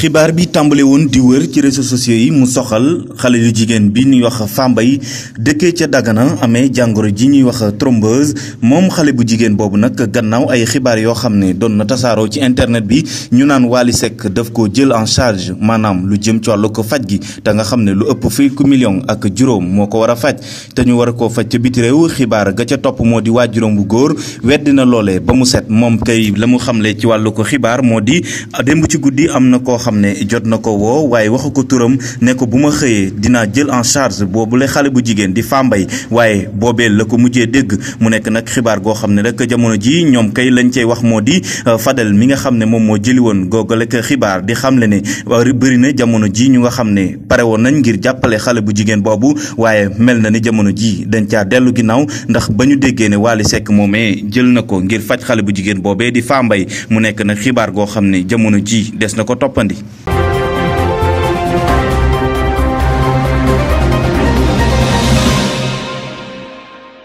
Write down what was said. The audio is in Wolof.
xibaar bi tàmbale woon di wër ci réseaux sociaux yi mu soxal xale yu jigéen bi ñuy wax yi dëkkee ca Dagana amee jàngoro ji ñuy wax thrombose moom xale bu jigéen boobu nag gannaaw ay xibaar yoo xam ne doon na tasaaroo ci internet bi ñu naan Wally Seck daf ko jël en charge maanaam lu jëm ci wàllu ko faj gi te nga xam ne lu ëpp fukki million ak juróom moo ko war a faj te ñu war a koo faj ca biti réew xibaar ga ca topp moo di waa juróom bu góor weddi na loolee ba mu set moom kay la mu xamle ci wàllu xibaar moo di xam ne jot na ko woo waaye waxu ko turam ne ko bu ma xëyee dinaa jël en charge boobule xale bu jigéen di Fambaye waaye boobee la ko mujjee dégg mu nekk nag xibaar goo xam ne rek jamono ji ñoom kay lañ cey wax moo di euh, Fadel mi nga xam ne moom moo jëli woon googalek xibaar di xam le ne euh, bëri na jamono ji ñu nga xam ne pare woon nañ ngir jàppale xale bu jigéen boobu waaye mel na ni jamono ji dañ caa dellu ginnaaw ndax ba déggee ne Wally Seck moomee jël na ko ngir faj xale bu jigéen boobee di Fambaye mu nekk nag xibaar goo xam ne jamono ji des na ko toppandi bi